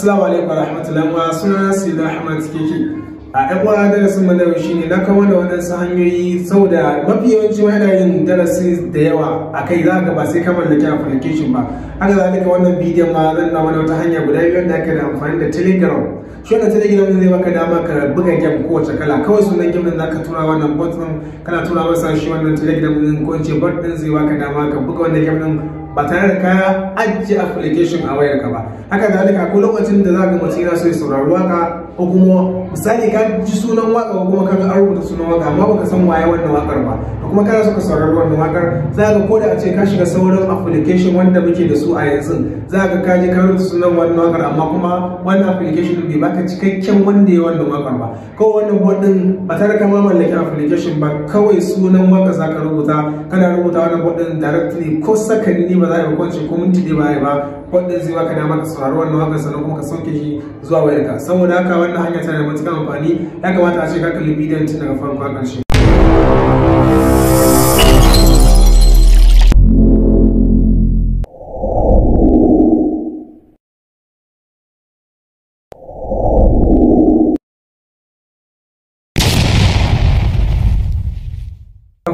Assalamu alaikum rahmatullahi wa suna Sida Ahmad Kiki. A ɗan uwa darasin mu na shine na kawo da waɗansu hanyoyi saboda mafi yawanci wani yin darasi da yawa a kai za ka ba sai ka mallaki application ba. Haka zalika wannan bidiyon ma zan na wani wata hanya guda biyu da aka da amfani da Telegram. Shi wannan Telegram zai baka dama ka buga ko kowace kala kawai sunan ɗin za ka tura wannan bot din kana tura masa shi wannan Telegram ɗin ko in ce bot din zai baka dama ka buga wannan gem din ba tare da ka ajiye application a wayarka ba haka da zalika ko lokacin da za ka mace yana so ya saurari waka ko kuma misali ka ji sunan waka ko kuma ka ga an rubuta sunan waka amma baka san waye wannan wakar ba kuma kana so ka saurari wannan wakar za ka koda a ce ka shiga sauran application wanda muke da su a yanzu za ka kaje ka rubuta sunan wannan wakar amma kuma wannan application bai baka cikakken wanda ya wannan wakar ba kawai wannan board din ba tare ka ma mallaki application ba kawai sunan wakar za ka rubuta kana rubuta wannan board din directly ko sakanni ba za a yi hukunci ko minti ne ba ba board din zai baka dama ka saurari wannan wakar sannan kuma ka sauke shi zuwa wayarka saboda haka wannan hanya tana da matukar amfani ya kamata a ce ka kalli bidiyon tun daga farko a ƙarshe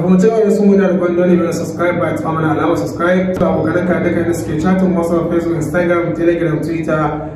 kuma cewa wasu mu da rikon dole biyar subscribe ba ta alawar alamar subscribe to abokanan ka duka da suke chatin whatsapp facebook instagram telegram twitter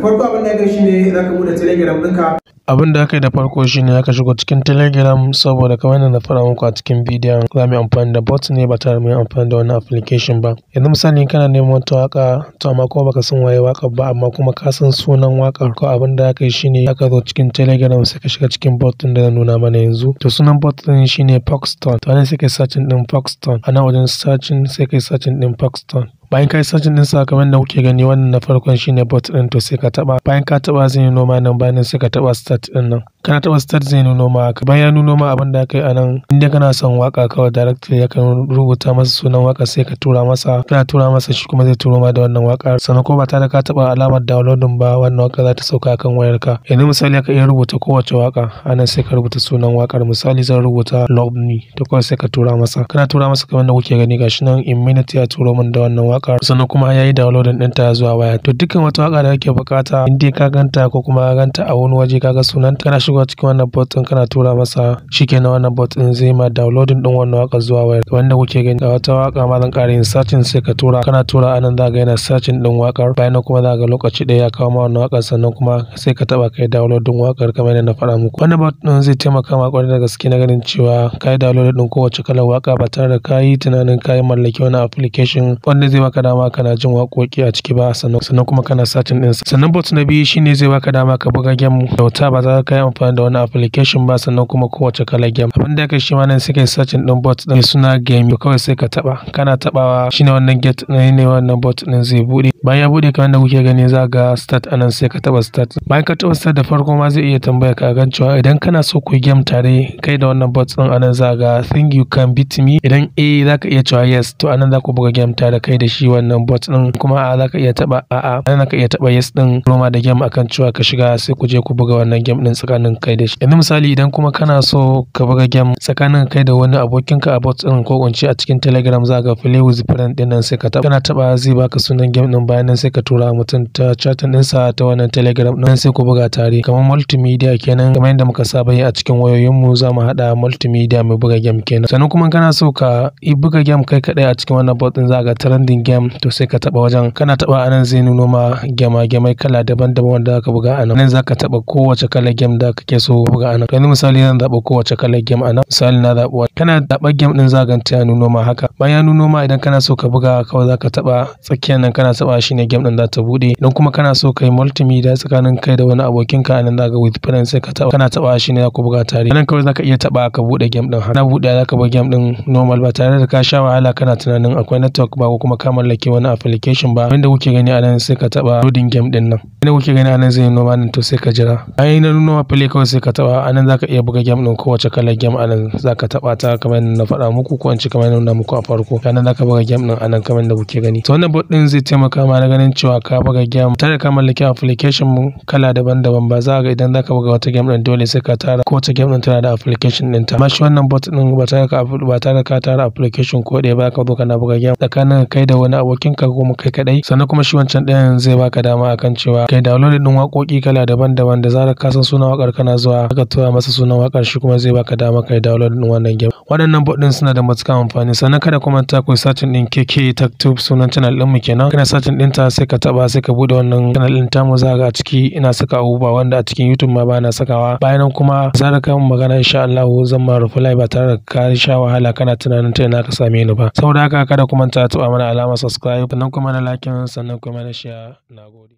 farko abin da ya shi ne za ka da aka yi da farko shine aka shigo cikin telegram saboda kamar yadda na fara muku a cikin bidiyon za mu yi amfani da bot ne ba tare mu amfani da wani application ba yanzu misali kana neman wata waka to amma kuma baka san waye waka ba amma kuma ka san sunan wakar ko abin da aka yi ne aka zo cikin telegram sai ka shiga cikin bot din da na nuna mana yanzu to sunan bot din ne foxton to wani sai ka yi searching din foxton nan wajen sacin sai ka yi searching din foxton Bayan kai yi din sa kamar da kuke gani wannan na farkon shine bot ɗin to sai ka taɓa. Bayan ka taɓa zai nuno ma nan bayan sai ka taɓa start ɗin nan. Kana taɓa start zai nuno ma haka. Bayan ya nuno ma abin da aka yi inda kana son waka kawai directly ya kan rubuta masa sunan waka sai ka tura masa. Kana tura masa shi kuma zai turo ma da wannan waka. Sannan ko ba da ka taɓa alamar downloading ba wannan waka za ta sauka akan ka. Yanzu misali ka iya rubuta kowace waka anan sai ka rubuta sunan wakar misali zan rubuta love me to kawai sai ka tura masa. Kana tura masa kamar da kuke gani gashi nan in minute ya turo min da wannan waka. waka sannan kuma ya yi downloading ɗinta zuwa waya. To dukkan wata waka da kake bukata in dai ka ganta ko kuma ka ganta a wani waje ka ga sunanta kana shigo cikin wannan bot ɗin kana tura masa shikenan wannan bot ɗin zai ma downloading ɗin wannan waka zuwa waya. Wanda kuke gani a wata waka ma zan ƙara yin searching sai ka tura kana tura anan za ga yana searching ɗin wakar. bayan nan kuma za ga lokaci ɗaya ya kawo ma wannan wakar. sannan kuma sai ka taɓa kai download wakar waƙar kamar yadda na faɗa muku. Wannan bot ɗin zai taimaka ma ƙwarai da gaske na ganin cewa ka yi download ɗin kowace kalar waka ba tare da ka tunanin ka yi mallaki wani application wanda zai baka dama kana jin waƙoƙi a ciki ba sannan kuma kana satin ɗinsa sannan bot na biyu shine zai baka dama ka buga game kyauta ba za ka yi amfani da wani application ba sannan kuma kowace kalar game abin da kai shi ma nan sai kai satin ɗin bot ɗin suna game kawai sai ka taɓa kana taɓawa shine wannan gate ɗin ne wannan bot ɗin zai buɗe bayan ya buɗe kamar da kuke gani za ga start anan sai ka taɓa start bayan ka taɓa start da farko ma zai iya tambaya ka gan cewa idan kana so ku game tare kai da wannan bot ɗin anan za ga think you can beat me idan eh za ka iya cewa yes to anan za ku buga game tare kai da shi shi wannan bot din kuma a zaka iya taba a'a a ka iya taba yes din roma da game akan cewa ka shiga sai ku je ku buga wannan game din tsakanin kai da shi yanzu misali idan kuma kana so ka buga game tsakanin kai da wani abokinka a bot din ko kunci a cikin telegram za ka play with friend din nan sai ka taba kana taba zai baka sunan game din bayan nan sai ka tura mutum ta chatin din sa ta wannan telegram din sai ku buga tare kamar multimedia kenan kamar yadda muka saba yi a cikin wayoyin mu za mu hada multimedia mu buga game kenan sannan kuma kana so ka i buga game kai kadai a cikin wannan bot din za ka trending gem to sai ka taba wajen kana taba anan zai nuno ma gema gemai kala daban-daban wanda zaka buga anan nan zaka taba kowace kalar gem da kake so buga anan yanzu misali zan zaba kowace kalar gem anan misali na zaba kana zaba gem din zaka ya nuno ma haka bayan nuno ma idan kana so ka buga kawai zaka taba tsakiyar nan kana taba shine gem din za ta bude idan kuma kana so kai multimedia tsakanin kai da wani abokin ka anan zaka with friends sai ka taba kana taba shine zaka buga tare nan kawai zaka iya taba ka bude gem din haka na bude zaka buga gem din normal ba tare da ka sha wahala kana tunanin akwai network ba ko kuma kama mallake wani application ba wanda kuke gani a nan sai ka taba loading game din nan wanda kuke gani a nan zai noma nan to sai ka jira bayan na noma play kawai sai ka taba a nan zaka iya buga game din kowace kalar game a nan zaka taba ta kamar na faɗa muku ko in ci kamar na muku a farko nan zaka buga game din a nan kamar da kuke gani to wannan bot din zai taimaka ma na ganin cewa ka buga game tare ka mallaki application mu kala daban-daban ba za ga idan zaka buga wata game din dole sai ka tara kowace game din tana da application din ta amma shi wannan bot din ba tare ka ba tare ka tara application ko ɗaya ba ka zo kana buga game tsakanin kai da wani ka ko kai kadai sannan kuma shi wancan ɗayan zai baka dama akan cewa kai download din wakoki kala daban-daban da zarar ka san sunan waƙar kana zuwa aka tura masa sunan waƙar shi kuma zai baka dama kai download din wannan game waɗannan bot din suna da matuƙar amfani sannan kada kuma ta ku searching din KK e TikTok sunan channel din mu kenan kana searching din ta sai ka taba sai ka bude wannan channel din tamu za ga a ciki ina saka abubuwa wanda a cikin YouTube ma bana sakawa bayan nan kuma zarar ka magana insha Allah zan ma reply ba tare da ka sha wahala kana tunanin ta ina ka same ni ba saboda haka kada kuma ta taba mana alama subscribe sannan kuma na like sannan kuma na share. Na gode.